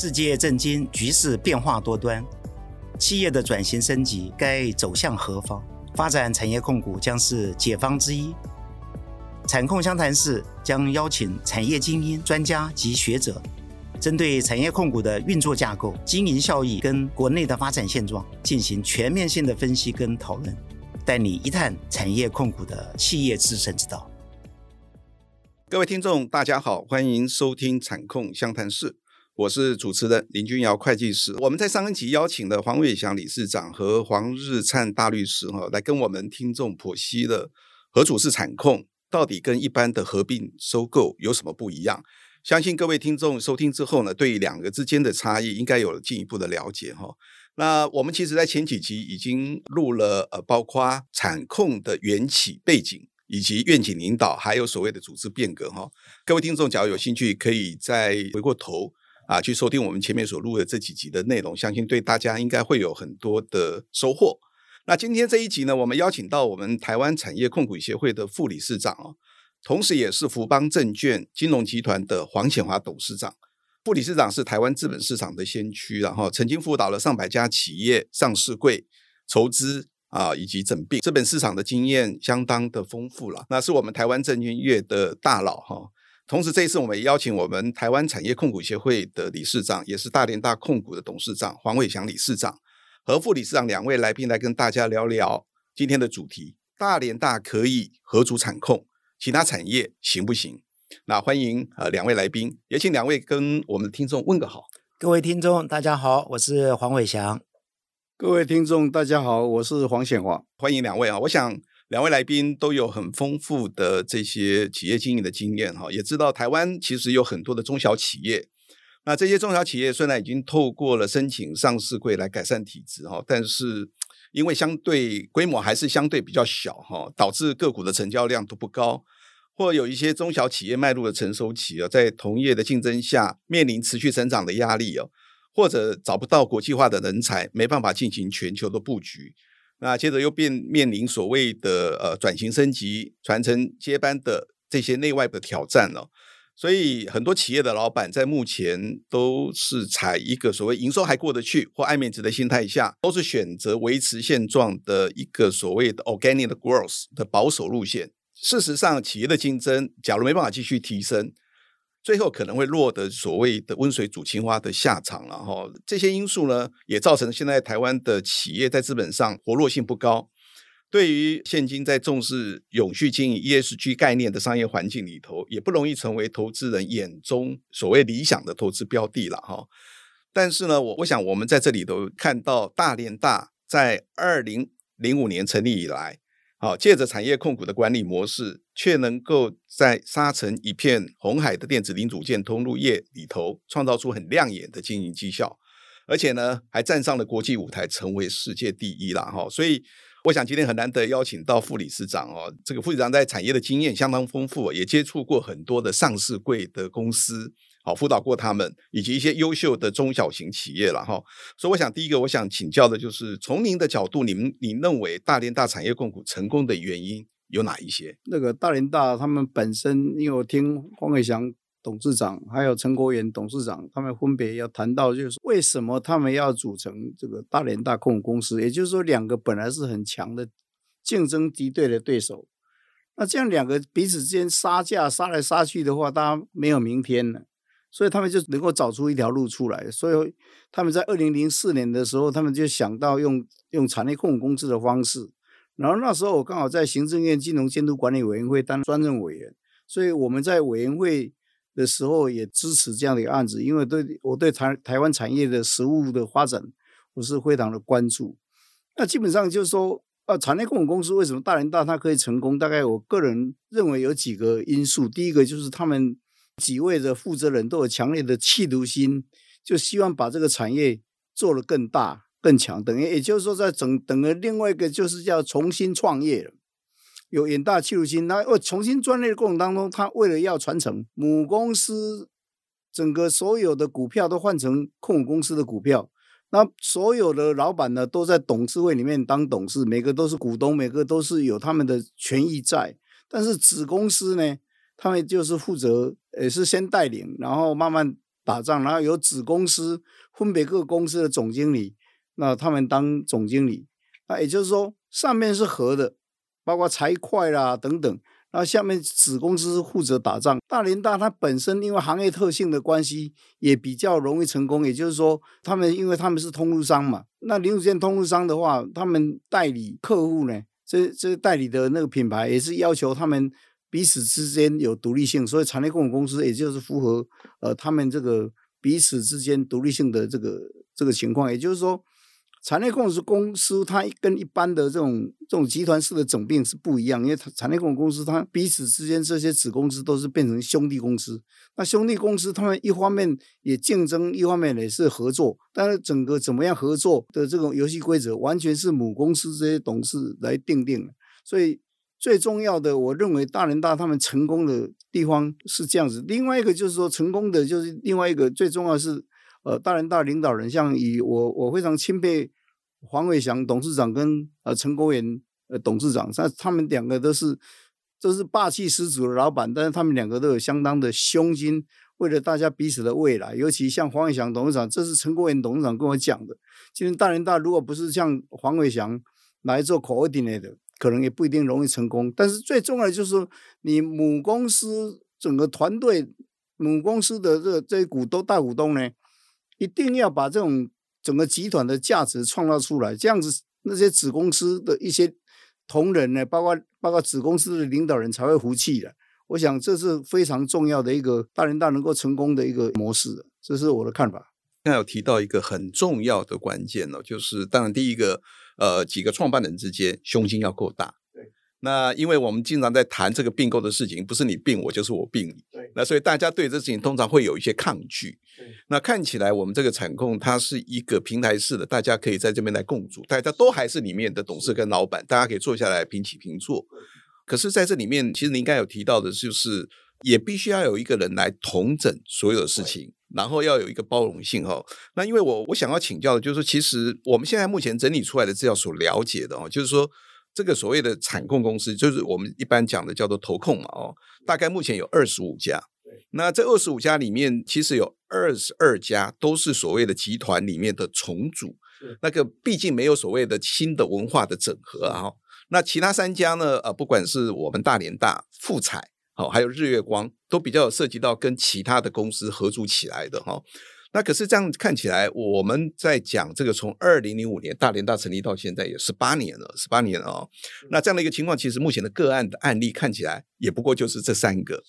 世界政經，局勢變化多端，企業的轉型升級該走向何方？發展產業控股將是解方之一。產控相談室將邀請產業精英、專家及學者，針對產業控股的運作架構、經營效益跟國內的發展現狀進行全面性的分析跟討論，帶你一探產業控股的企業致勝之道。各位聽眾，大家好，歡迎收聽產控相談室。我是主持人林君堯會計師，我們在上一集邀請了黃偉祥理事長和黃日燦大律師，哈，來跟我們聽眾剖析了合組式產控到底跟一般的合併收購有什麼不一樣。相信各位聽眾收聽之後呢，對兩個之間的差異應該有進一步的了解，哈。那我們其實在前幾集已經錄了，呃，包括產控的緣起背景，以及願景領導，還有所謂的組織變革，哈。各位聽眾，假如有興趣，可以再回過頭。啊，去收聽我們前面所錄的這幾集的內容，相信對大家應該會有很多的收穫。那今天這一集呢，我們邀請到我們台灣產業控股協會的副理事長哦，同時也是福邦證券金融集團的黃顯華董事長。副理事長是台灣資本市場的先驅，啊，然、哦、後曾經輔導了上百家企業上市櫃籌資啊，以及整併資本市場的經驗相當的豐富了。那是我們台灣證券業的大佬哈。哦同時，這一次我們也邀請我們台灣產業控股協會的理事長，也是大聯大控股的董事長黃偉祥理事長和副理事長兩位來賓來跟大家聊聊今天的主題：大聯大可以合組產控，其他產業行不行？那歡迎呃兩位來賓，也請兩位跟我們的聽眾問個好。各位聽眾，大家好，我是黃偉祥。各位聽眾，大家好，我是黃顯華，歡迎兩位啊！我想。兩位來賓都有很豐富的這些企業經營的經驗，哈，也知道台灣其實有很多的中小企業。那這些中小企業雖然已經透過了申請上市櫃來改善體質，哈，但是因為相對規模還是相對比較小，哈，導致個股的成交量都不高，或有一些中小企業邁入了成熟期啊，在同業的競爭下面臨持續成長的壓力哦，或者找不到國際化的人才，沒辦法進行全球的布局。那接着又變面臨所謂的呃轉型升級、傳承接班的這些內外的挑戰了哦，所以很多企業的老闆在目前都是採一個所謂營收還過得去或愛面子的心態下，都是選擇維持現狀的一個所謂的 organic growth 的保守路線。事實上，企業的競爭假如沒辦法繼續提升，最後可能會落得所謂的“溫水煮青蛙”的下場了哈。這些因素呢，也造成現在台灣的企業在資本上活絡性不高，對於現今在重視永續經營 ESG 概念的商業環境裡頭，也不容易成為投資人眼中所謂理想的投資標的了哈。但是呢，我我想我們在這裡頭看到，大聯大在二零零五年成立以來。好、哦，借着產業控股的管理模式，卻能夠在廝殺成一片紅海的電子零組件通路業裡頭，創造出很亮眼的經營績效，而且呢，還站上了國際舞台，成為世界第一了哈、哦。所以，我想今天很難得邀請到副理事長哦，這個副理事長在產業的經驗相當豐富，也接觸過很多的上市櫃的公司。好，輔導過他們，以及一些優秀的中小型企業了哈。所以，我想第一個我想請教的就是，從您的角度，你們您認為大聯大產業控股成功的原因有哪一些？那個大聯大他們本身，因為我聽黃偉祥董事長，還有陳國元董事長，他們分別要談到，就是為什麼他們要組成這個大聯大控股公司？也就是說，兩個本來是很強的競爭敵對的對手，那這樣兩個彼此之間殺價殺來殺去的話，大家沒有明天了。所以他們就能夠找出一條路出來。所以他們在二零零四年的時候，他們就想到用用產業控股公司的方式。然後那時候我剛好在行政院金融監督管理委員會當專任委員，所以我們在委員會的時候也支持這樣的一個案子，因為對我對台台灣產業的實務的發展我是非常的關注。那基本上就是說，呃、啊，產業控股公司為什麼大聯大它可以成功？大概我個人認為有幾個因素。第一個就是他們。幾位的負責人都有強烈的企圖心，就希望把這個產業做得更大更強，等於也就是說，在整整個另外一個就是叫重新創業有遠大企圖心。那我重新創業的過程當中，他為了要傳承母公司，整個所有的股票都換成控股公司的股票，那所有的老板呢都在董事會裡面當董事，每個都是股東，每個都是有他們的權益在。但是子公司呢？他們就是負責，也是先帶領，然後慢慢打仗，然後由子公司，分別各個公司的總經理，那他們當總經理，那也就是說，上面是合的，包括財會啦等等，然後下面子公司負責打仗。大聯大，它本身因為行業特性的關係，也比較容易成功，也就是說，他們因為他們是通路商嘛，那零組件通路商的話，他們代理客戶呢，這這代理的那個品牌也是要求他們。彼此之間有獨立性，所以產業控股公司也就是符合呃他們這個彼此之間獨立性的這個這個情況。也就是說，產業控股公司它跟一般的這種這種集團式的整併是不一樣，因為產業控股公司它彼此之間這些子公司都是變成兄弟公司。那兄弟公司他們一方面也競爭，一方面也是合作，但是整個怎麼樣合作的這種遊戲規則，完全是母公司這些董事來定定的。所以。最重要的，我認為大聯大他們成功的地方是這樣子。另外一個就是說成功的，就是另外一個最重要的是，呃，大聯大領導人，像以我我非常欽佩黃偉祥董事長跟呃陳國元呃董事長，但他，他們兩個都是都是霸氣十足的老闆，但是他們兩個都有相當的胸襟，為了大家彼此的未來。尤其像黃偉祥董事長，這是陳國元董事長跟我講的。今天大聯大如果不是像黃偉祥來做 coordinate 的。可能也不一定容易成功，但是最重要的就是你母公司整個團隊、母公司的這這一股東大股東呢，一定要把這種整個集團的價值創造出來，這樣子那些子公司的一些同仁呢，包括包括子公司的領導人才會服氣的。我想這是非常重要的一個，大聯大能夠成功的一個模式，這是我的看法。那有提到一個很重要的關鍵呢、哦，就是當然第一個。呃，幾個創辦人之間胸襟要夠大。對，那因為我們經常在談這個併購的事情，不是你併我，就是我併你。對，那所以大家對這事情通常會有一些抗拒。那看起來我們這個產控它是一個平台式的，大家可以在這邊來共組，大家都還是裡面的董事跟老闆，大家可以坐下來平起平坐。可是，在這裡面，其實您剛有提到的就是，也必須要有一個人來統整所有的事情。然後要有一個包容性哈、哦，那因為我我想要請教的，就是說其實我們現在目前整理出來的資料所了解的哦，就是說這個所謂的產控公司，就是我們一般講的叫做投控嘛哦，大概目前有二十五家，那這二十五家裡面，其實有二十二家都是所謂的集團裡面的重組，那個畢竟沒有所謂的新的文化的整合啊、哦，那其他三家呢，呃，不管是我們大聯大、富采。還有日月光都比較有涉及到跟其他的公司合組起來的哈。那可是這樣看起來，我們在講這個從二零零五年大聯大成立到現在也十八年了，十八年啊。那這樣的一個情況，其實目前的個案的案例看起來也不過就是這三個。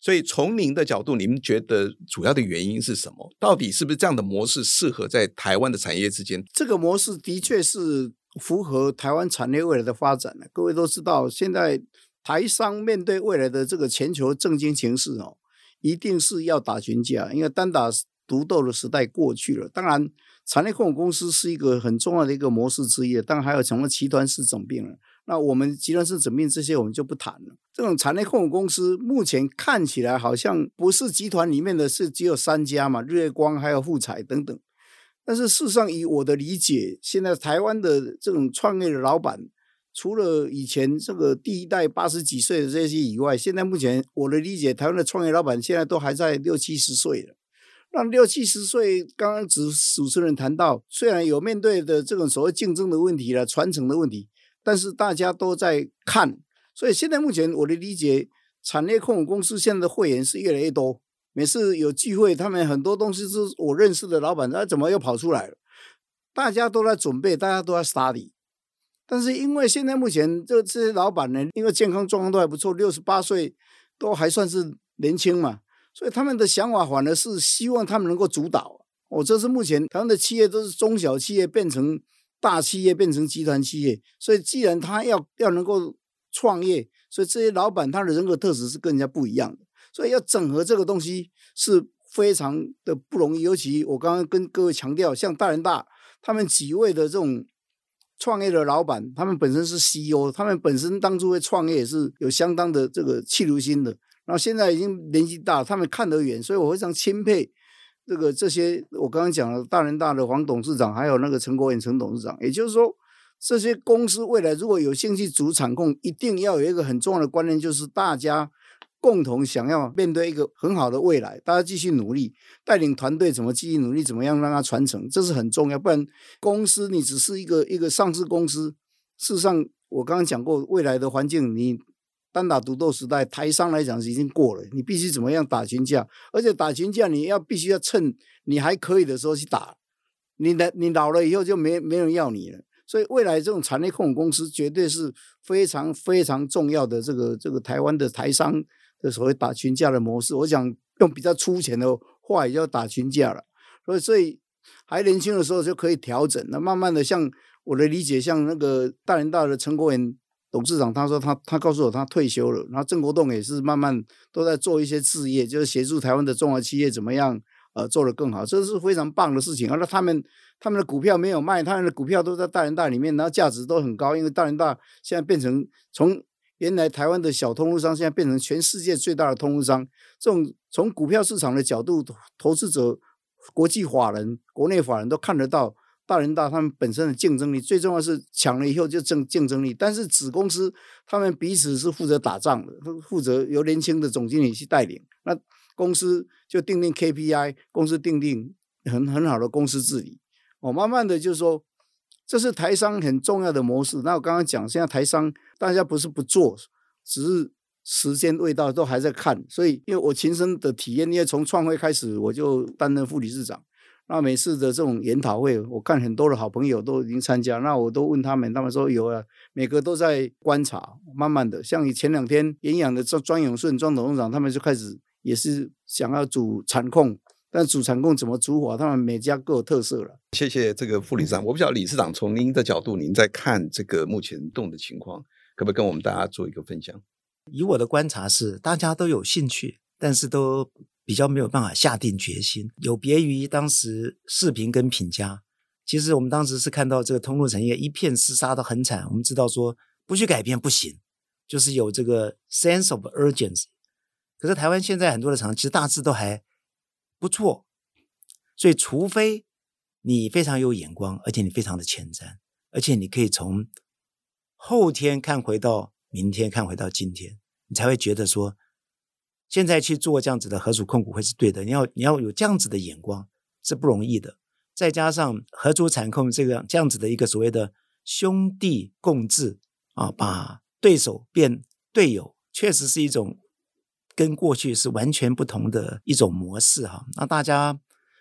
所以從您的角度，您覺得主要的原因是什麼？到底是不是這樣的模式適合在台灣的產業之間？這個模式的確是符合台灣產業未來的發展的。各位都知道，現在。台商面對未來的這個全球政經情勢哦，一定是要打群架，因為單打獨鬥的時代過去了。當然，產業控股公司是一個很重要的一個模式之一，當然還有什麼集團式整併了。那我們集團式整併這些我們就不談了。這種產業控股公司目前看起來好像不是集團裡面的是只有三家嘛，日月光還有富采等等。但是事實上，以我的理解，現在台灣的這種創業的老闆。除了以前這個第一代八十幾歲的這些以外，現在目前我的理解，台灣的創業老闆現在都還在六七十歲了。那六七十歲，剛剛主主持人談到，雖然有面對的這種所謂競爭的問題了，傳承的問題，但是大家都在看。所以現在目前我的理解，產業控股公司現在的會員是越來越多。每次有聚會，他們很多東西是我認識的老闆，那、啊、怎麼又跑出來了？大家都在準備，大家都在 study。但是因為現在目前這這些老闆呢，因為健康狀況都還不錯，六十八歲都還算是年輕嘛，所以他們的想法反而是希望他們能夠主導、哦。我這是目前台灣的企業都是中小企業變成大企業，變成集團企業，所以既然他要要能夠創業，所以這些老闆他的人格特質是跟人家不一樣的，所以要整合這個東西是非常的不容易。尤其我剛剛跟各位強調，像大聯大他們幾位的這種。創業的老闆，他們本身是 CEO，他們本身當初為創業是有相當的這個企圖心的。然後現在已經年紀大，他們看得遠，所以我非常欽佩這個這些。我剛剛講了，大聯大的黃董事長，還有那個陳國遠陳董事長。也就是說，這些公司未來如果有興趣組產控，一定要有一個很重要的觀念，就是大家。共同想要面對一個很好的未來，大家繼續努力，帶領團隊怎麼繼續努力，怎麼樣讓它傳承，這是很重要。不然公司你只是一個一個上市公司。事實上，我剛剛講過，未來的環境你單打獨鬥時代，台商來講是已經過了，你必須怎麼樣打群架，而且打群架你要必須要趁你還可以的時候去打，你的你老了以後就沒沒人要你了。所以未來這種產業控股公司絕對是非常非常重要的，這個這個台灣的台商。這所謂打群架的模式，我想用比較粗淺的話也叫打群架了。所以，所以還年輕的時候就可以調整。那慢慢的，像我的理解，像那個大聯大的陳國文董事長，他說他他告訴我他退休了。然後鄭國棟也是慢慢都在做一些事業，就是協助台灣的中小企業怎麼樣呃做得更好，這是非常棒的事情。而且他們他們的股票沒有賣，他們的股票都在大聯大裡面，然後價值都很高，因為大聯大現在變成從。原來台灣的小通路商，現在變成全世界最大的通路商。這種從股票市場的角度，投資者、國際法人、國內法人都看得到，大聯大他們本身的競爭力。最重要是搶了以後就掙競爭力。但是子公司他們彼此是負責打仗的，負責由年輕的總經理去帶領。那公司就訂定 KPI，公司訂定很很好的公司治理。哦，慢慢的就說。這是台商很重要的模式。那我剛剛講，現在台商大家不是不做，只是時間未到，都還在看。所以，因為我親身的體驗，因為從創會開始，我就擔任副理事長。那每次的這種研討會，我看很多的好朋友都已經參加。那我都問他們，他們說有啊，每個都在觀察，慢慢的。像你前兩天，營養的莊莊永順、莊董事長，他們就開始也是想要組產控。但主產控怎麼組合，他們每家各有特色了。謝謝這個副理事長。我不知道理事長從您的角度，您在看這個目前動的情況，可不可以跟我們大家做一個分享？以我的觀察是，大家都有興趣，但是都比較沒有辦法下定決心。有別於當時世平跟品佳，其實我們當時是看到這個通路產業一片廝殺得很慘。我們知道說，不去改變不行，就是有這個 sense of urgency。可是台灣現在很多的廠，其實大致都還。不錯，所以除非你非常有眼光，而且你非常的前瞻，而且你可以從後天看回到明天，看回到今天，你才會覺得說現在去做這樣子的合組控股會是對的。你要你要有這樣子的眼光是不容易的。再加上合組產控這個這樣子的一個所謂的兄弟共治啊，把對手變隊友，確實是一種。跟過去是完全不同的一種模式哈，那大家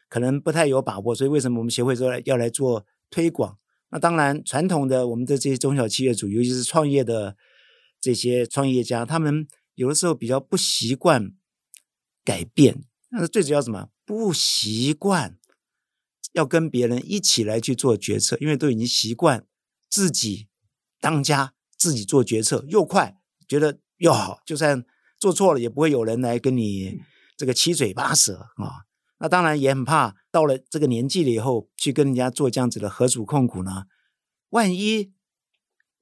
可能不太有把握，所以為什麼我們協會說要來做推廣？那當然，傳統的我們的這些中小企業主，尤其是創業的這些創業家，他們有的時候比較不習慣改變，那是最主要是什麼？不習慣要跟別人一起來去做決策，因為都已經習慣自己當家，自己做決策又快，覺得又好，就算。做錯了也不會有人來跟你這個七嘴八舌啊。那當然也很怕，到了這個年紀了以後去跟人家做這樣子的合組控股呢，萬一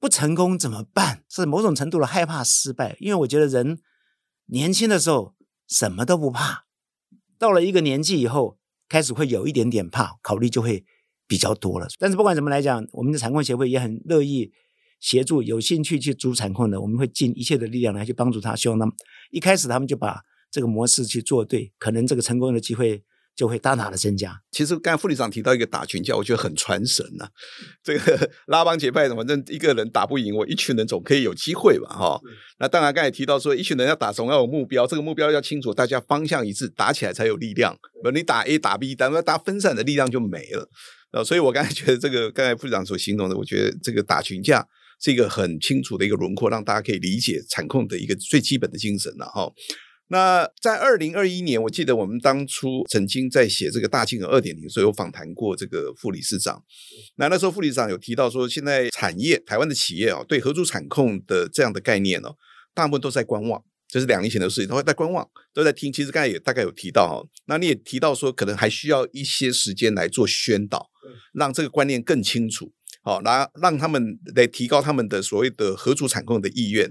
不成功怎麼辦？是某種程度的害怕失敗。因為我覺得人年輕的時候什麼都不怕，到了一個年紀以後，開始會有一點點怕，考慮就會比較多了。但是不管怎麼來講，我們的產控協會也很樂意。協助有興趣去組產控的，我們會盡一切的力量來去幫助他。希望他們一開始他們就把這個模式去做對，可能這個成功的機會就會大大的增加。其實剛才副理事長提到一個打群架，我覺得很傳神吶、啊。這個拉幫結派的，反正一個人打不贏，我一群人總可以有機會吧？哈。那當然剛才提到說，一群人要打總要有目標，這個目標要清楚，大家方向一致，打起來才有力量。你打 A 打 B，咱們要打分散的力量就沒了。所以我剛才覺得這個剛才副理事長所形容的，我覺得這個打群架。這個很清楚的一個輪廓，讓大家可以理解產控的一個最基本的精神了、啊、哈。那在二零二一年，我記得我們當初曾經在寫這個大競合二點零，所以我訪談過這個副理事長。那那時候副理事長有提到說，現在產業台灣的企業啊、哦，對合組產控的這樣的概念呢、哦，大部分都在觀望，這、就是兩年前的事情，都在觀望，都在聽。其實剛才也大概有提到哈、哦，那你也提到說，可能還需要一些時間來做宣導，讓這個觀念更清楚。好、哦，那讓他們來提高他們的所謂的合組產控的意願。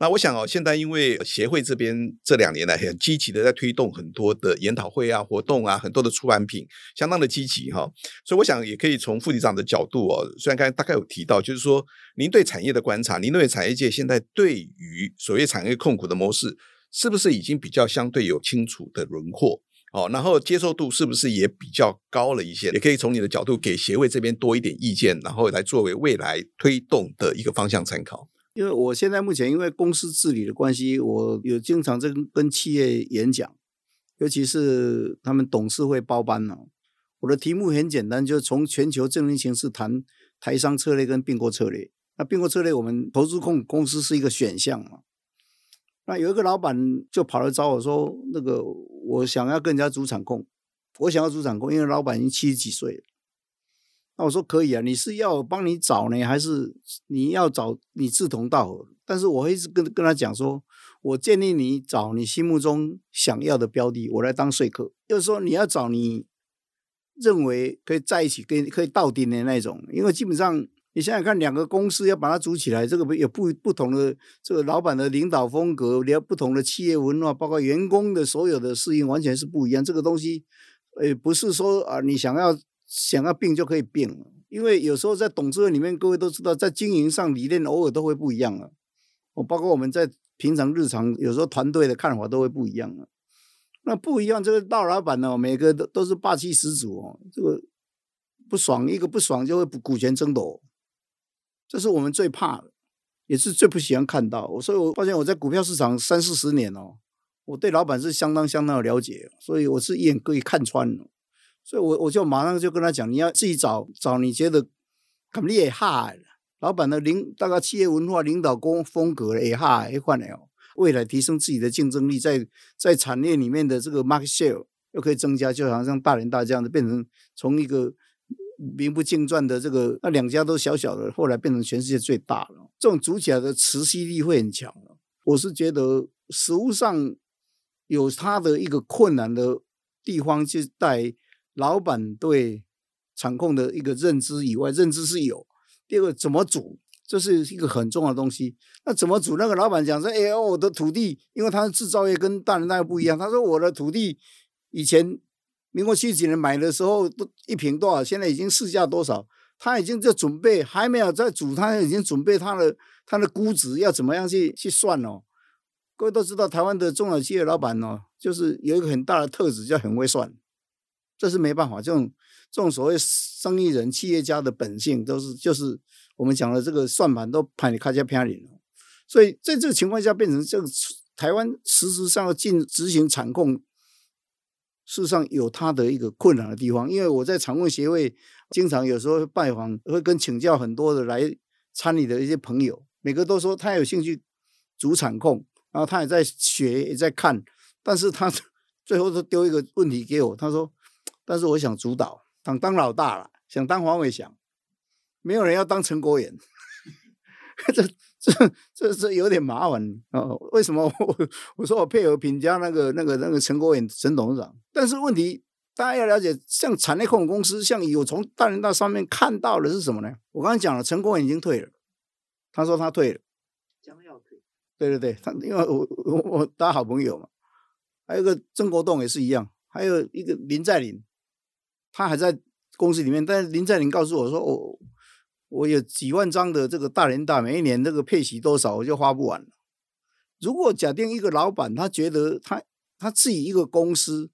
那我想哦，現在因為協會這邊這兩年來很積極的在推動很多的研討會啊、活動啊、很多的出版品，相當的積極哈、哦。所以我想也可以從副理事長的角度哦，雖然剛才大概有提到，就是說您對產業的觀察，您認為產業界現在對於所謂產業控股的模式，是不是已經比較相對有清楚的輪廓？哦，然後接受度是不是也比較高了一些？也可以從你的角度給協會這邊多一點意見，然後來作為未來推動的一個方向參考。因為我現在目前因為公司治理的關係，我有經常在跟企業演講，尤其是他們董事會包班啊，我的題目很簡單，就是從全球政治形勢談台商策略跟併購策略。那併購策略，我們投資控公司是一個選項嘛？那有一個老板就跑來找我說，那個。我想要跟人家組產控，我想要組產控，因為老闆已經七十幾歲了。那我說可以啊，你是要幫你找呢，還是你要找你志同道合？但是我會一直跟跟他講說，我建議你找你心目中想要的標的，我來當說客，就是說你要找你認為可以在一起跟、跟可以到頂的那種，因為基本上。你想想看，兩個公司要把它組起來，這個有不不同的這個老闆的領導風格，你要不同的企業文化，包括員工的所有的適應，完全是不一樣。這個東西，呃，不是說啊，你想要想要併就可以併了，因為有時候在董事會裡面，各位都知道，在經營上理念偶爾都會不一樣了。哦，包括我們在平常日常，有時候團隊的看法都會不一樣了。那不一樣，這個大老，老闆呢，每個都都是霸氣十足哦，這個不爽，一個不爽就會股權爭奪。這是我們最怕的，也是最不喜歡看到。所以我發現我在股票市場三四十年哦，我對老板是相當相當的了解的，所以我是一眼可以看穿。所以我我就馬上就跟他講，你要自己找找你覺得肯定也哈，老板的領大概企業文化、領導工風格也哈會換了，哦，未來提升自己的競爭力，在在產業裡面的這個 market share 又可以增加，就好像像大連大這樣的，變成從一個。名不見經傳的這個，那兩家都小小的，後來變成全世界最大了。這種組起來的磁吸力會很強。我是覺得，實務上有它的一個困難的地方，就在老板對產控的一個認知以外，認知是有。第二個，怎麼組，這是一個很重要的東西。那怎麼組？那個老板講說：“哎、哦，我的土地，因為他的製造業跟大聯大不一樣。他說我的土地以前。”民國七幾年買的時候，都一坪多少？現在已經市價多少？他已經在準備，還沒有在組，他已經準備他的他的估值要怎麼樣去去算哦？各位都知道，台灣的中小企業老板哦，就是有一個很大的特質，叫很會算。這是沒辦法，這種這種所謂生意人、企業家的本性，都是就是我們講的這個算盤都拍你咔嚓拍你了。所以在這個情況下，變成這個台灣實質上要進執行產控。事實上有他的一個困難的地方，因為我在產控協會經常有時候拜訪，會跟請教很多的來參與的一些朋友，每個都說他有興趣組產控，然後他也在學也在看，但是他最後都丟一個問題給我，他說：“但是我想主導，想當、當老大了，想當黃偉祥，沒有人要當陳國炎。 ”這。這這這有點麻煩啊，哦！為什麼我我說我配合評價那個那個那個陳國永陳董事長？但是問題大家要了解，像產業控股公司，像有從大聯大上面看到的是什麼呢？我剛才講了，陳國永已經退了，他說他退了，將要退。對對對，他因為我 我大家好朋友嘛，還有一個曾國棟也是一樣，還有一個林在林，他還在公司裡面，但是林在林告訴我說我。哦我有幾萬張的這個大聯大，每一年這個配息多少，我就花不完了。如果假定一個老板，他覺得他他自己一個公司，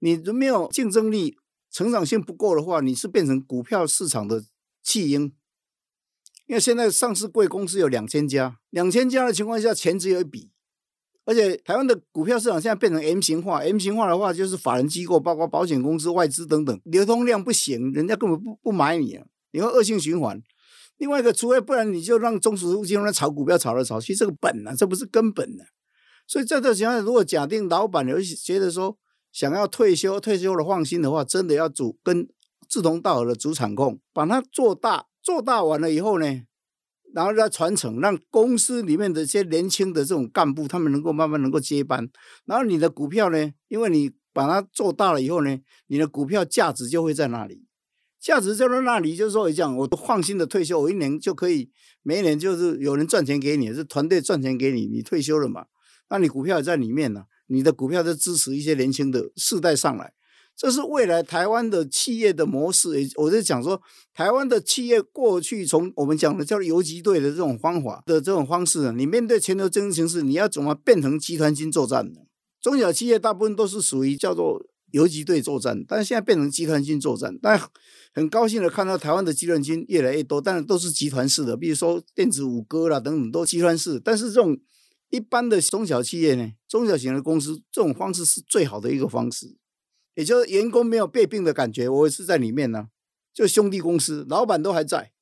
你都沒有競爭力、成長性不夠的話，你是變成股票市場的棄嬰。因為現在上市櫃公司有兩千家，兩千家的情況下，錢只有一筆，而且台灣的股票市場現在變成 M 型化，M 型化的話就是法人機構，包括保險公司、外資等等，流通量不行，人家根本不不買你啊。你會惡性循環，另外一個，除非不然，你就讓中石油金融來炒股票，炒來炒去，這個本呢、啊，這不是根本啊，所以在這情況下，如果假定老闆有一些覺得說想要退休，退休了放心的話，真的要組跟志同道合的組產控把它做大，做大完了以後呢，然後再傳承，讓公司裡面的一些年輕的這種幹部，他們能夠慢慢能夠接班，然後你的股票呢，因為你把它做大了以後呢，你的股票價值就會在那裡。價值就在那裡，就是說我講，我都放心的退休，我一年就可以，每一年就是有人賺錢給你，是團隊賺錢給你，你退休了嘛？那你股票也在裡面呢啊，你的股票在支持一些年輕的世代上來，這是未來台灣的企業的模式。我在講說，台灣的企業過去從我們講的叫做游擊隊的這種方法的這種方式啊，你面對全球競爭形勢，你要怎麼變成集團軍作戰？中小企業大部分都是屬於叫做。游擊隊作戰，但是現在變成集團軍作戰。但很高興的看到台灣的集團軍越來越多，但是都是集團式的，比如說電子五哥啦等等都集團式。但是這種一般的中小企業呢，中小型的公司，這種方式是最好的一個方式，也就是員工沒有被併的感覺。我也是在裡面呢、啊，就兄弟公司，老板都還在。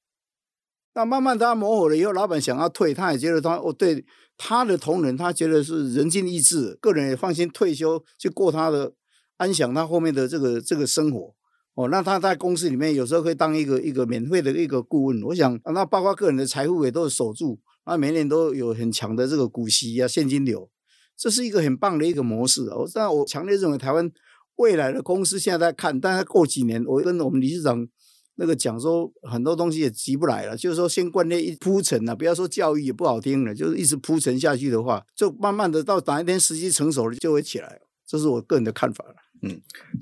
那慢慢他磨合了以後，老板想要退，他也覺得他哦對，他的同仁他覺得是人盡其智，個人也放心退休去過他的。安享他後面的這個這個生活哦，那他在公司裡面有時候會當一個一個免費的一個顧問。我想那包括個人的財富也都是守住，那每年都有很強的這個股息啊、現金流，這是一個很棒的一個模式。我、哦、那我強烈認為台灣未來的公司現在在看，但是過幾年我跟我們理事長那個講說，很多東西也急不來了，就是說先觀念一鋪陳啊，不要說教育也不好聽了，就是一直鋪陳下去的話，就慢慢的到哪一天時機成熟了就會起來。這是我個人的看法。嗯，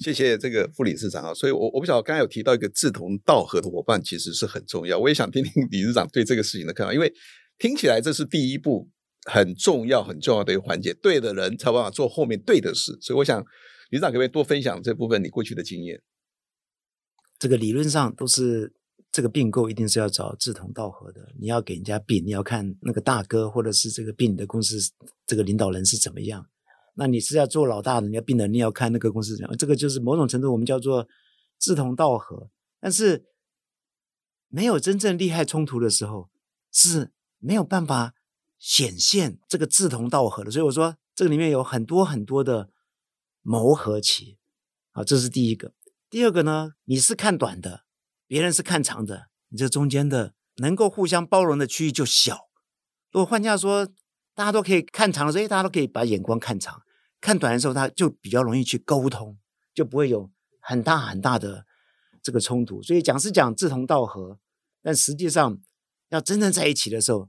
謝謝這個副理事長啊，所以我，我我不曉得剛才有提到一個志同道合的夥伴，其實是很重要。我也想聽聽理事長對這個事情的看法，因為聽起來這是第一步，很重要，很重要的一個環節。對的人才有辦法做後面對的事，所以我想，理事長可不可以多分享這部分你過去的經驗？這個理論上都是這個併購一定是要找志同道合的，你要給人家並，你要看那個大哥或者是這個併你的公司這個領導人是怎麼樣。那你是要做老大的，你要病人，你要看那個公司怎樣。這個就是某種程度我們叫做志同道合，但是沒有真正利害衝突的時候，是沒有辦法顯現這個志同道合的。所以我說，這個裡面有很多很多的磨合期。啊，這是第一個。第二個呢，你是看短的，別人是看長的，你這中間的能夠互相包容的區域就小。如果換句話說，大家都可以看長，所以大家都可以把眼光看長。看短的時候，他就比較容易去溝通，就不會有很大很大的這個衝突。所以講是講志同道合，但實際上要真正在一起的時候，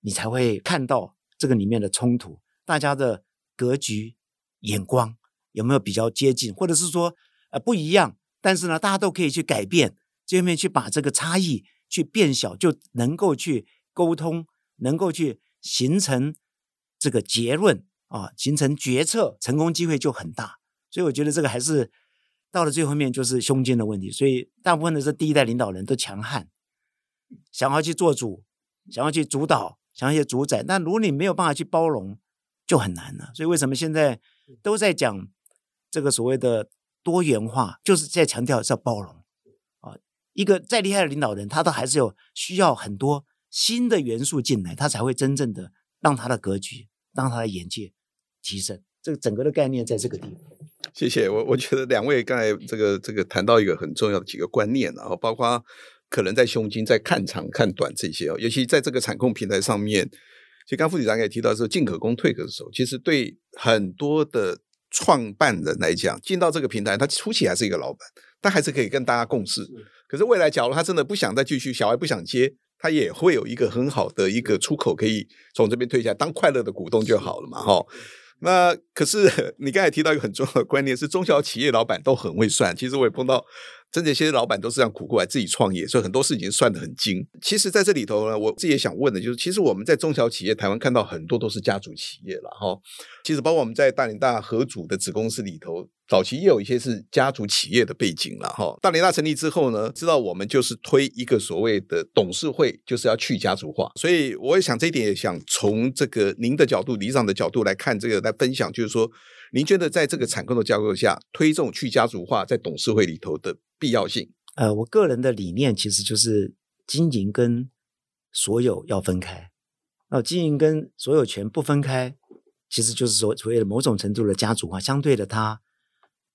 你才會看到這個裡面的衝突，大家的格局、眼光有沒有比較接近，或者是說呃不一樣，但是呢，大家都可以去改變，見面去把這個差異去變小，就能夠去溝通，能夠去形成這個結論。啊，形成決策成功機會就很大，所以我覺得這個還是到了最後面就是胸襟的問題。所以大部分的這第一代領導人都強悍，想要去做主，想要去主導，想要去主宰。那如果你沒有辦法去包容，就很難了。所以為什麼現在都在講這個所謂的多元化，就是在強調叫包容啊。一個再厲害的領導人，他都還是有需要很多新的元素進來，他才會真正的讓他的格局，讓他的眼界。提升這個整個的概念，在這個地方。謝謝我，我覺得兩位剛才這個這個談到一個很重要的幾個觀念，然後包括可能在胸襟、在看長看短這些哦，尤其在這個產控平台上面，其實剛，剛副理事長也提到說，進可攻，退可守。其實對很多的創辦人來講，進到這個平台，他初期還是一個老闆，他還是可以跟大家共事。可是未來，假如他真的不想再繼續，小孩不想接，他也會有一個很好的一個出口，可以從這邊退下當快樂的股東就好了嘛，哈。哦那可是你剛才提到一個很重要的觀念，是中小企業老闆都很會算。其實我也碰到，真的，一些老闆都是這樣苦過來自己創業，所以很多事已經算得很精。其實，在這裡頭呢，我自己也想問的就是，其實我們在中小企業台灣看到很多都是家族企業了哈。其實包括我們在大聯大合組的子公司裡頭。早期也有一些是家族企業的背景了哈。大聯大成立之後呢，知道我們就是推一個所謂的董事會，就是要去家族化。所以我也想這一點也想從這個您的角度、理事長的角度來看這個來分享，就是說您覺得在這個產控的架構下，推動去家族化在董事會裡頭的必要性？呃，我個人的理念其實就是經營跟所有要分開，那經營跟所有權不分開，其實就是所所謂的某種程度的家族化，相對的它。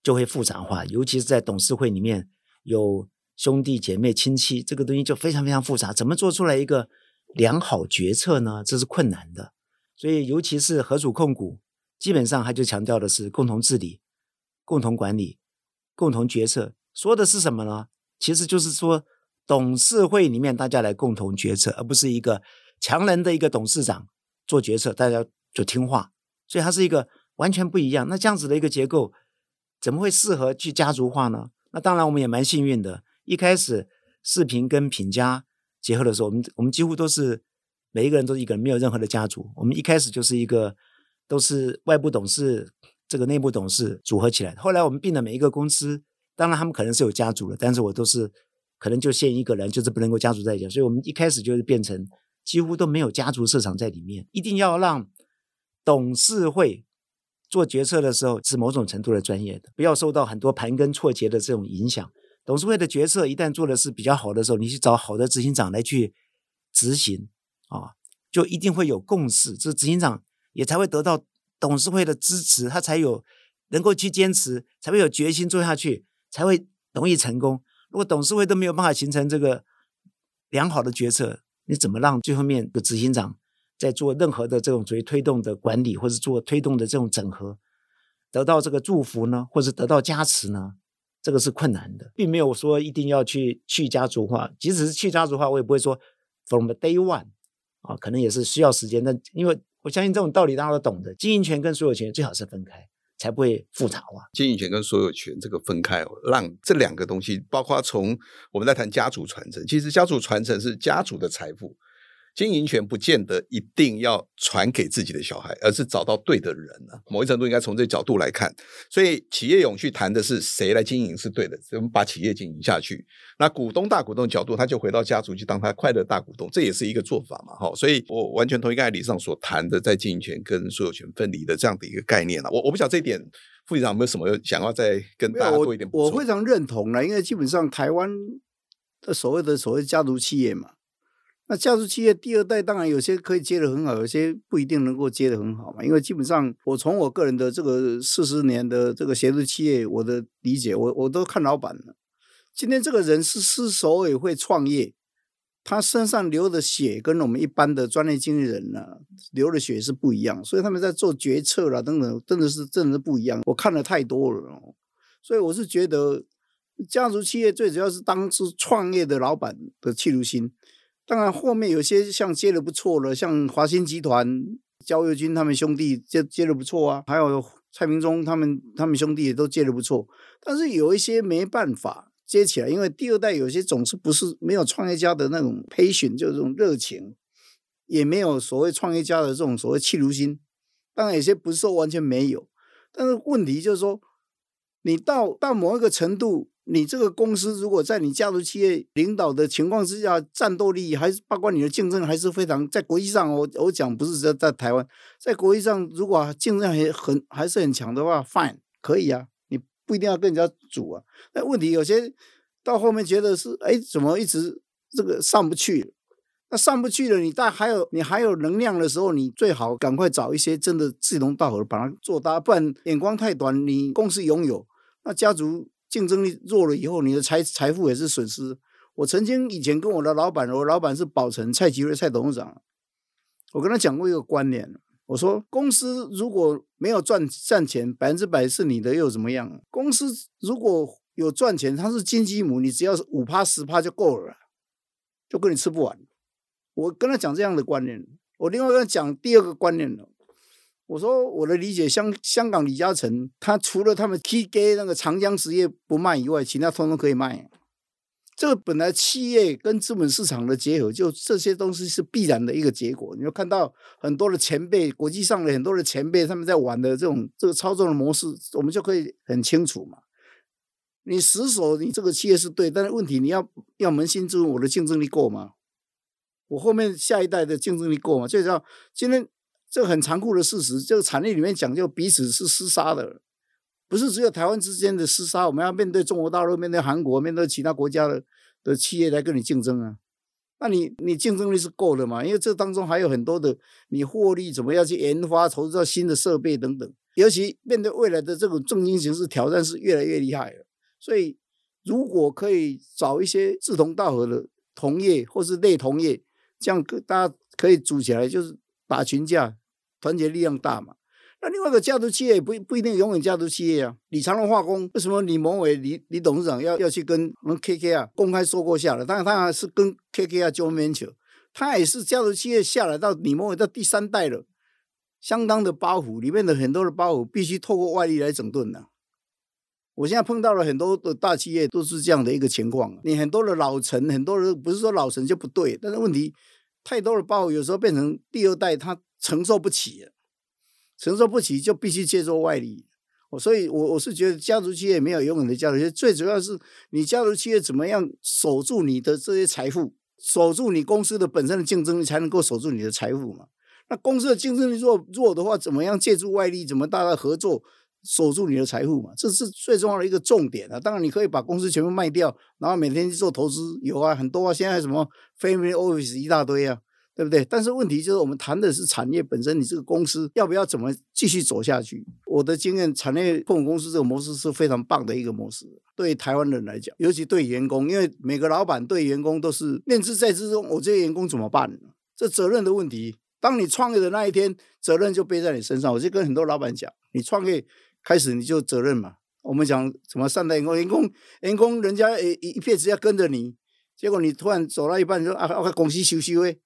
就會複雜化，尤其是在董事會裡面有兄弟姐妹、親戚，這個東西就非常非常複雜。怎麼做出來一個良好決策呢？這是困難的。所以，尤其是合組控股，基本上它就強調的是共同治理、共同管理、共同決策。說的是什麼呢？其實就是說，董事會裡面大家來共同決策，而不是一個強人的一個董事長做決策，大家就聽話。所以，它是一個完全不一樣。那這樣子的一個結構，怎麼會適合去家族化呢？那當然，我們也蠻幸運的。一開始世平跟品佳結合的時候，我們我們幾乎都是每一個人都是一個人，沒有任何的家族。我們一開始就是一個都是外部董事，這個內部董事組合起來。後來我們併的每一個公司，當然他們可能是有家族的，但是我都是可能就限一個人，就是不能夠家族在一起。所以我們一開始就是變成幾乎都沒有家族市場在裡面，一定要讓董事會。做決策的時候是某種程度的專業的，不要受到很多盤根錯節的這種影響。董事會的決策一旦做的是比較好的時候，你去找好的執行長來去執行，啊、哦，就一定會有共識。這執行長也才會得到董事會的支持，他才有能夠去堅持，才會有決心做下去，才會容易成功。如果董事會都沒有辦法形成這個良好的決策，你怎麼讓最後面的執行長？在做任何的這種作為推動的管理，或者是做推動的這種整合，得到這個祝福呢，或者是得到加持呢，這個是困難的，並沒有說一定要去去家族化。即使是去家族化，我也不會說 from the day one，啊，可能也是需要時間。那因為我相信這種道理，大家都懂的，經營權跟所有權最好是分開，才不會複雜化。經營權跟所有權這個分開哦，讓這兩個東西，包括從我們在談家族傳承，其實家族傳承是家族的財富。經營權不見得一定要傳給自己的小孩，而是找到對的人呢、啊。某一程度應該從這角度來看，所以企業永續談的是誰來經營是對的，怎麼把企業經營下去。那股東、大股東的角度，他就回到家族去當他快樂大股東，這也是一個做法嘛。好、哦，所以我完全同意剛才理事長所談的，在經營權跟所有權分離的這樣的一個概念了、啊。我我不曉得這一點，副理事長有沒有什麼想要再跟大家多一點？我我非常認同了，因為基本上台灣的所謂的所謂的家族企業嘛。那家族企業第二代當然有些可以接的很好，有些不一定能夠接的很好嘛。因為基本上，我從我個人的這個四十年的這個協助企業，我的理解，我我都看老板了。今天這個人是是手也會創業，他身上流的血跟我們一般的專業經理人呢、啊、流的血是不一樣，所以他們在做決策了，等等，真的是真的是，是不一樣。我看了太多了、哦，所以我是覺得家族企業最主要是當時創業的老板的企圖心。當然，後面有些像接的不錯的，像華新集團、焦佑鈞他們兄弟接接的不錯啊，還有蔡明忠他們他們兄弟也都接的不錯。但是有一些沒辦法接起來，因為第二代有些總是不是沒有創業家的那種 passion，就是這種熱情，也沒有所謂創業家的這種所謂氣如心。當然，有些不是說完全沒有，但是問題就是說，你到到某一個程度。你這個公司，如果在你家族企業領導的情況之下，戰鬥力還是包括你的競爭還是非常在國際上我我講不是在在台灣，在國際上，如果、啊、競爭也很還是很強的話，fine 可以啊，你不一定要跟人家組啊。那問題有些到後面覺得是哎，怎麼一直這個上不去了？那上不去了，你大還有你還有能量的時候，你最好趕快找一些真的志同道合，把它做大，不然眼光太短，你公司擁有那家族。競爭力弱了以後，你的財財富也是損失。我曾經以前跟我的老闆，我的老闆是寶成蔡其瑞蔡董事長，我跟他講過一個觀念，我說公司如果沒有賺賺錢，百分之百是你的又怎麼樣？公司如果有賺錢，它是金雞母，你只要是五趴十趴就夠了，就跟你吃不完。我跟他講這樣的觀念，我另外跟他講第二個觀念我說我的理解，香香港李嘉誠，他除了他們 T K 那個長江實業不賣以外，其他通通可以賣。這個本來企業跟資本市場的結合，就這些東西是必然的一個結果。你要看到很多的前輩，國際上的很多的前輩，他們在玩的這種這個操作的模式，我們就可以很清楚嘛。你死守你這個企業是對，但是問題你要要捫心自問，我的競爭力夠嗎？我後面下一代的競爭力夠嗎？所以說今天。這很殘酷的事實，這個產業裡面講究彼此是廝殺的，不是只有台灣之間的廝殺。我們要面對中國大陸、面對韓國、面對其他國家的的企業來跟你競爭啊。那你你競爭力是夠的嘛？因為這當中還有很多的你獲利怎麼樣去研發、投資到新的設備等等。尤其面對未來的這種政經形勢挑戰是越來越厲害了。所以如果可以找一些志同道合的同業或是類同業，這樣大家可以組起來就是打群架。團結力量大嘛？那另外一個家族企業也不不一定永遠家族企業啊。李長榮化工為什麼李謀偉李李董事長要要去跟我們 KKR 啊公開收購下來，當然他還是跟 KKR 啊 joinment，他也是家族企業下來到李謀偉到第三代了，相當的包袱裡面的很多的包袱必須透過外力來整頓呢、啊。我現在碰到了很多的大企業都是這樣的一個情況、啊，你很多的老臣，很多人不是說老臣就不對，但是問題太多的包袱有時候變成第二代他。承受不起，承受不起就必須借助外力。我所以，我我是覺得家族企業沒有永遠的家族企業，最主要是你家族企業怎麼樣守住你的這些財富，守住你公司的本身的競爭力，才能夠守住你的財富嘛。那公司的競爭力弱弱的話，怎麼樣借助外力，怎麼大家合作守住你的財富嘛？這是最重要的一個重點啊。當然，你可以把公司全部賣掉，然後每天去做投資，有啊，很多啊，現在什麼 Family Office 一大堆啊。對不對？但是問題就是，我們談的是產業本身，你這個公司要不要怎麼繼續走下去？我的經驗，產業控股公司這個模式是非常棒的一個模式，對於台灣人來講，尤其對員工，因為每個老板對員工都是念茲在茲中，我這些員工怎麼辦？這責任的問題，當你創業的那一天，責任就背在你身上。我就跟很多老板講，你創業開始你就責任嘛。我們講怎麼善待員工，員工員工人家一一輩子要跟着你，結果你突然走到一半說啊，啊公司休息喂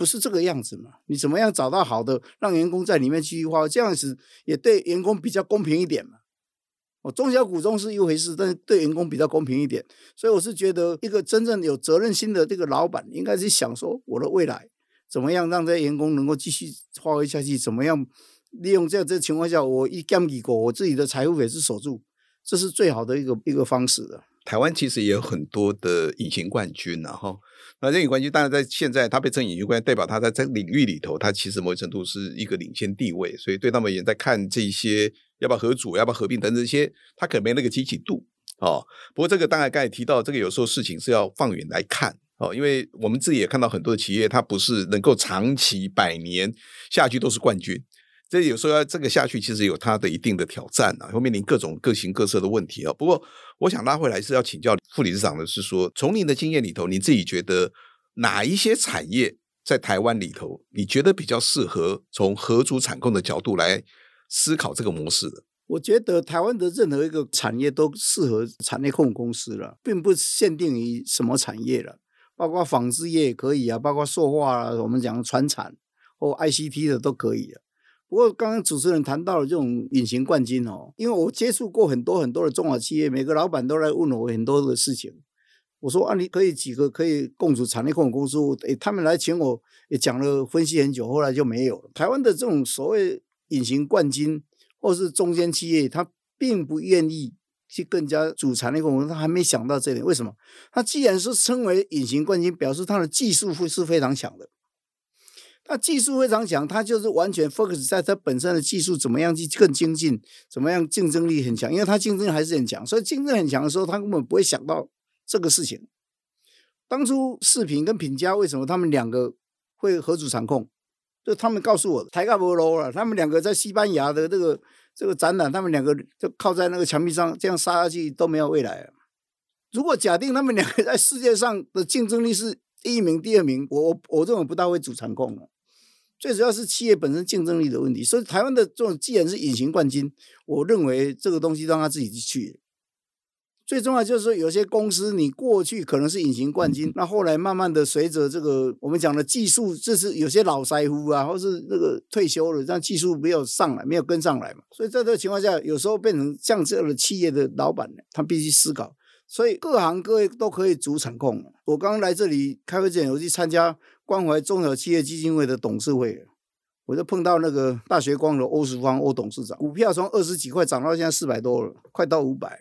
不是這個樣子嘛。你怎麼樣找到好的，讓員工在裡面繼續發揮，這樣子也對員工比較公平一點嘛？哦，中小股東是一回事，但是對員工比較公平一點，所以我是覺得一個真正有責任心的這個老板，應該是想說我的未來怎麼樣讓這些員工能夠繼續發揮下去，怎麼樣利用在這樣的情況下，我一降一個，我自己的財富也是守住，這是最好的一個一個方式的、啊。台灣其實也有很多的隱形冠軍、啊，然後那隱形冠軍當然在現在它被稱為隱形冠軍，代表它在這領域裡頭，它其實某種程度是一個領先地位，所以對他們也在看這些要不要合組、要不要合併等等這些，它可能沒那個積極度哦，不過這個當然剛才提到，這個有時候事情是要放遠來看哦，因為我們自己也看到很多的企業，它不是能夠長期百年下去都是冠軍。這有時候要這個下去，其實有它的一定的挑戰啊，會面臨各種各形各色的問題啊。不過，我想拉回來是要請教副理事長的是說，從您的經驗裡頭，你自己覺得哪一些產業在台灣裡頭，你覺得比較適合從合組產控的角度來思考這個模式的？我覺得台灣的任何一個產業都適合產業控股公司了，並不限定於什麼產業了，包括紡織業也可以啊，包括塑化啊，我們講傳產或 ICT 的都可以啊。不過剛剛主持人談到了這種隱形冠軍哦，因為我接觸過很多很多的中小企業，每個老板都來問我很多的事情。我說，啊你可以幾個可以共組產業控股公司，誒、哎，他們來請我也講了分析很久，後來就沒有了。台灣的這種所謂隱形冠軍或是中間企業，他並不願意去更加組產業控股，他還沒想到這點。為什麼？他既然是稱為隱形冠軍，表示他的技術會是非常強的。那技術非常強，他就是完全 focus 在它本身的技術怎麼樣去更精進，怎麼樣競爭力很強，因為它競爭力還是很強，所以競爭很強的時候，他根本不會想到這個事情。當初視頻跟品佳，為什麼他們兩個會合組產控？就他們告訴我台卡 o w n 了，他們兩個在西班牙的這個這個展覽，他們兩個就靠在那個牆壁上這樣殺下去都沒有未來，啊。如果假定他們兩個在世界上的競爭力是第一名，第二名，我我我認為不大會組產控，啊最主要是企業本身競爭力的問題，所以台灣的這種既然是隱形冠軍，我認為這個東西讓他自己去。最重要的就是說，有些公司你過去可能是隱形冠軍，那後來慢慢的隨着這個我們講的技術，這是有些老師傅啊，或是那個退休了，但技術沒有上來，沒有跟上來嘛。所以在這個情況下，有時候變成像這樣的企業的老板他必須思考，所以各行各業都可以組產控。我剛剛來這裡開會之前，我去參加。關懷中小企業基金會的董事會，我就碰到那個大學光的歐石方歐董事長，股票從二十幾塊漲到現在四百多了，快到五百。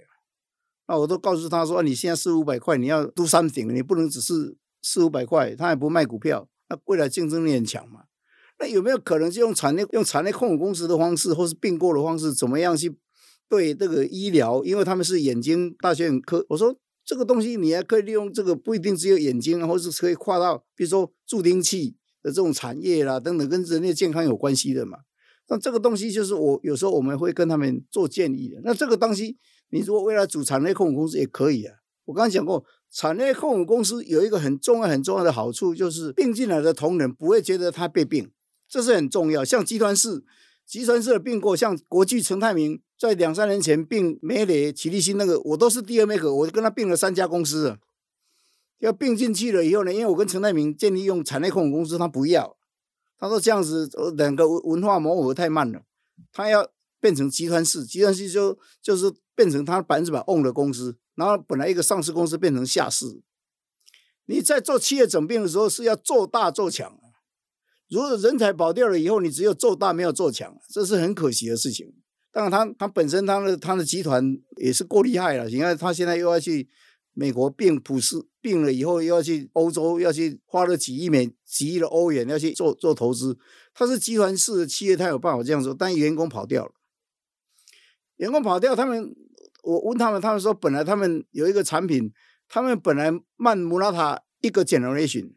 那我都告訴他說，啊，你現在四五百塊，你要都山頂，你不能只是四五百塊。他也不賣股票，那未來競爭力很強嘛。那有沒有可能就用產業用產業控股公司的方式，或是併購的方式，怎麼樣去對這個醫療？因為他們是眼睛大學眼科，我說。這個東西你還可以利用，這個不一定只有眼睛，或者是可以跨到，比如說助聽器的這種產業啦等等，跟人類健康有關係的嘛。那這個東西就是我有時候我們會跟他們做建議的。那這個東西你如果未來組產業控股公司也可以啊。我剛才講過，產業控股公司有一個很重要很重要的好處，就是併進來的同仁不會覺得他被併，這是很重要。像集團式，集團式的併購，像國巨陳泰銘。在兩三年前併美磊齊立新那個，我都是第二名股，我跟他併了三家公司，要併進去了以後呢，因為我跟陳泰銘建立用產業控股公司，他不要，他說這樣子兩個文化磨合太慢了，他要變成集團式，集團式就就是變成他百分之百 own 的公司，然後本來一個上市公司變成下市。你在做企業整併的時候是要做大做強，如果人才跑掉了以後，你只有做大沒有做強，這是很可惜的事情。但是他他本身他的他的集團也是夠厲害了，你看他現在又要去美國併普世，併了以後又要去歐洲，要去花了幾億美幾億的歐元，要去做做投資。他是集團式的企業，他有辦法這樣做，但員工跑掉了。員工跑掉，他們我問他們，他們說本來他們有一個產品，他們本來曼莫拉塔一個 generation。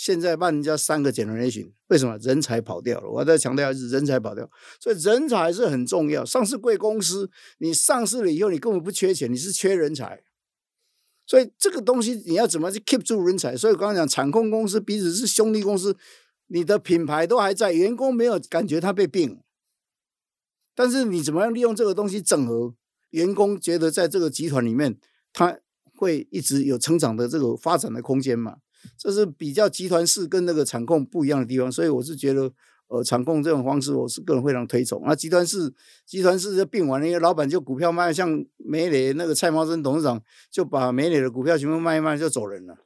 現在幫人家三個 generation，為什麼人才跑掉了？我再強調是人才跑掉，所以人才是很重要。上市貴公司，你上市了以後，你根本不缺錢，你是缺人才。所以這個東西你要怎麼去 keep 住人才？所以我剛剛講產控公司彼此是兄弟公司，你的品牌都還在，員工沒有感覺他被併。但是你怎麼樣利用這個東西整合，員工覺得在這個集團裡面他會一直有成長的這個發展的空間嘛？這是比較集團式跟那個產控不一樣的地方，所以我是覺得，呃，產控這種方式我是個人非常推崇。那集團式，集團式就併完了，一個老闆就股票賣，像美磊那個蔡茂生董事長就把美磊的股票全部賣一賣就走人了，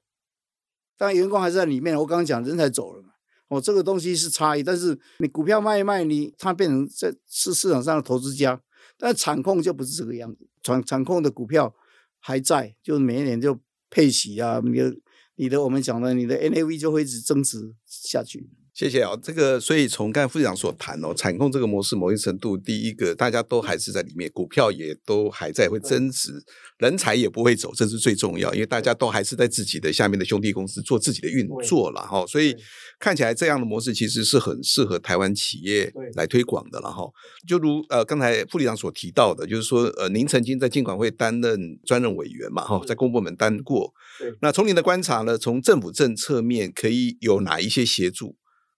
但員工還是在裡面。我剛剛講人才走了嘛，哦，這個東西是差異。但是你股票賣一賣你，你它變成在是市場上的投資家，但產控就不是這個樣子。產產控的股票還在，就是每一年就配息啊，嗯你的我們講的，你的 NAV 就會一直增值下去。謝謝哦、啊，這個，所以從剛才副理事長所談哦，產控這個模式，某一程度，第一個大家都還是在裡面，股票也都還在會增值，人才也不會走，這是最重要，因為大家都還是在自己的下面的兄弟公司做自己的運作了哈、哦，所以看起來這樣的模式其實是很適合臺灣企業來推廣的了哈。就如呃剛才副理事長所提到的，就是說呃您曾經在金管會擔任專任委員嘛哈、哦，在公部門擔過，那從您的觀察呢，從政府政策面可以有哪一些協助？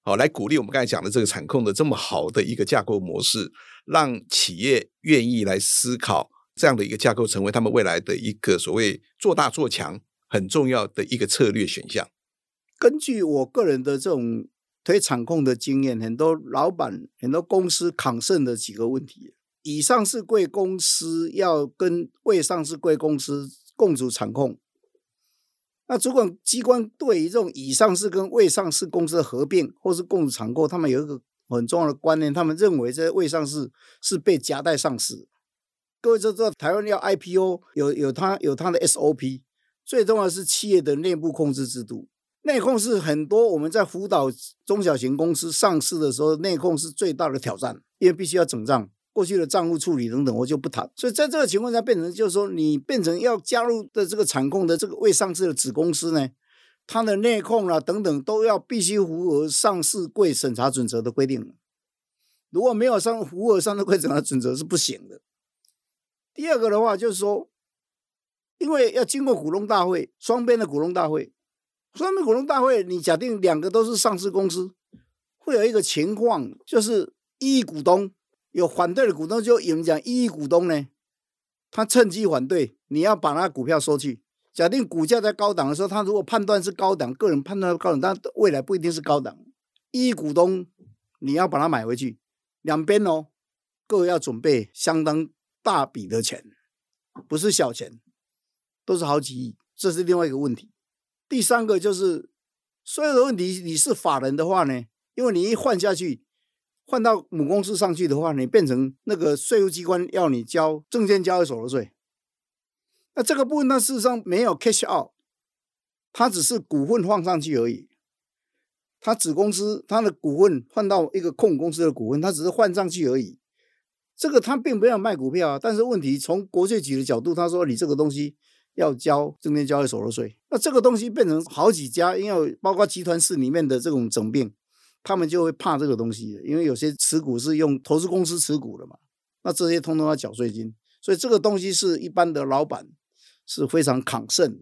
好，來鼓勵我們剛才講的這個產控的這麼好的一個架構模式，讓企業願意來思考這樣的一個架構，成為他們未來的一個所謂做大做強很重要的一個策略選項。根據我個人的這種推產控的經驗，很多老板、很多公司 concern 的幾個問題。已上市櫃公司要跟未上市櫃公司共組產控。那主管機關對於這種已上市跟未上市公司的合併或是共採購，他們有一個很重要的觀念，他們認為這些未上市是被夾帶上市。各位就知道，台灣要 IPO 有有它有它的 SOP，最重要的是企業的內部控制制度。內控是很多我們在輔導中小型公司上市的時候，內控是最大的挑戰，因為必須要整賬。過去的賬戶處理等等，我就不談。所以在這個情況下，變成就是說，你變成要加入的這個產控的這個未上市的子公司呢，它的內控啊等等，都要必須符合上市櫃審查準則的規定。如果沒有上符合上市櫃審查準則，是不行的。第二個的話，就是說，因為要經過股東大會雙邊的股東大會，雙邊股東大會，你假定兩個都是上市公司，會有一個情況就是一股東。有反對的股東，就有人講異議股東呢，他趁機反對，你要把那股票收去。假定股價在高檔的時候，他如果判斷是高檔，個人判斷是高檔，但未來不一定是高檔。異議股東，你要把它買回去，兩邊哦，各要準備相當大筆的錢，不是小錢，都是好幾億。這是另外一個問題。第三個就是，所以說你你是法人的話呢，因為你一換下去。換到母公司上去的話，你變成那個稅務機關要你交證券交易所得稅。那這個部分，它事實上沒有 cash out，它只是股份換上去而已。它子公司它的股份換到一個控股公司的股份，它只是換上去而已。這個它並沒有賣股票，啊，但是問題從國稅局的角度，他說你這個東西要交證券交易所得稅。那這個東西變成好幾家，因為包括集團式裡面的這種整併。他們就會怕這個東西，因為有些持股是用投資公司持股的嘛，那這些通通要繳稅金，所以這個東西是一般的老板是非常抗勝。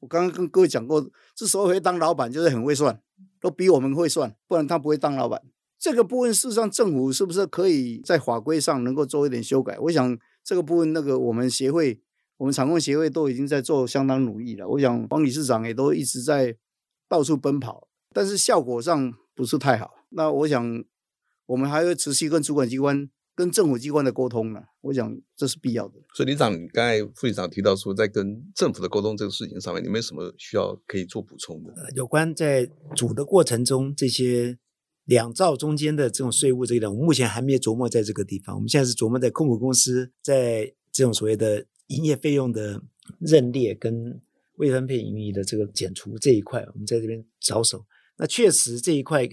我剛剛跟各位講過，之所以會當老板，就是很會算，都比我們會算，不然他不會當老板。這個部分事實上，政府是不是可以在法規上能夠做一點修改？我想這個部分，那個我們協會、我們產控協會都已經在做相當努力了。我想黃理事長也都一直在到處奔跑，但是效果上。不是太好，那我想我們還會持續跟主管機關、跟政府機關的溝通呢、啊、我想這是必要的。所以理，理事長，剛才副理事長提到說，在跟政府的溝通這個事情上面，你沒有什麼需要可以做補充的、呃？有關在組的過程中，這些兩兆中間的這種稅務這一點，我們目前還沒有琢磨在這個地方。我們現在是琢磨在控股公司在這種所謂的營業費用的認列跟未分配盈餘的這個減除這一塊，我們在這邊着手。那確實這一塊，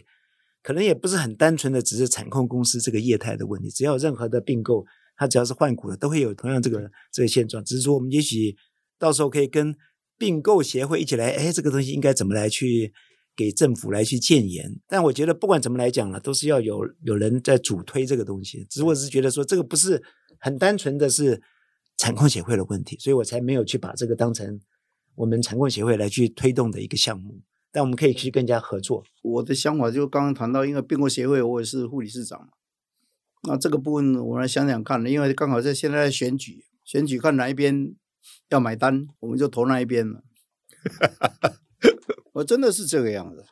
可能也不是很單純的，只是產控公司這個業態的問題。只要有任何的併購，它只要是換股了，都會有同樣這個這個現狀。只是說我們也許到時候可以跟併購協會一起來，哎，這個東西應該怎麼來去給政府來去建言。但我覺得不管怎麼來講了，啊，都是要有有人在主推這個東西。只是我是覺得說這個不是很單純的是產控協會的問題，所以我才沒有去把這個當成我們產控協會來去推動的一個項目。但我們可以去更加合作。我的想法就剛剛談到，因為併購協會，我也是副理事長嘛。那這個部分，我來想想看，因為剛好在現在，在選舉，選舉看哪一邊要買單，我們就投哪一邊了。 我真的是這個樣子，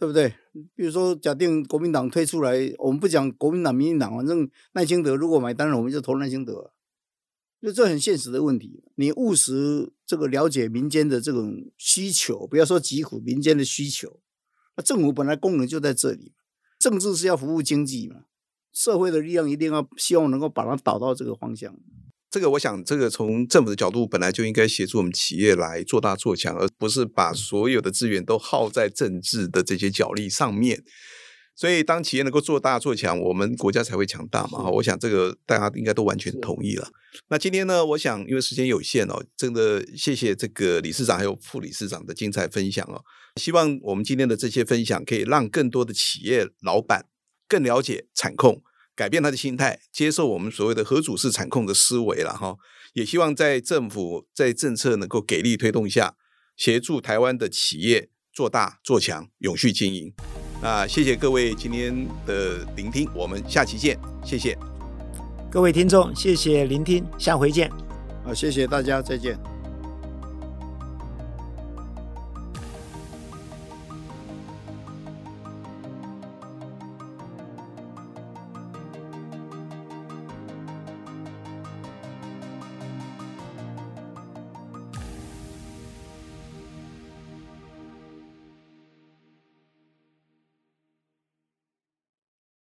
對不對？比如說，假定國民黨退出來，我們不講國民黨、民進黨，反正賴清德如果買單了，我們就投賴清德。就這很現實的問題，你務實這個了解民間的這種需求，不要說疾苦，民間的需求，那政府本來功能就在這裡，政治是要服務經濟嘛，社會的力量一定要希望能夠把它導到這個方向。這個我想，這個從政府的角度本來就應該協助我們企業來做大做強，而不是把所有的資源都耗在政治的這些角力上面。所以，當企業能夠做大做強，我們國家才會強大嘛。我想這個大家應該都完全同意了。那今天呢，我想因為時間有限哦，真的謝謝這個理事長還有副理事長的精彩分享哦。希望我們今天的這些分享可以讓更多的企業老板更了解產控，改變他的心態，接受我們所謂的合組式產控的思維了哈、哦。也希望在政府，在政策能夠給力推動下，協助台灣的企業做大做強，永續經營。啊，謝謝各位今天的聆聽，我們下期見。謝謝各位聽眾，謝謝聆聽，下回見，啊，謝謝大家，再見。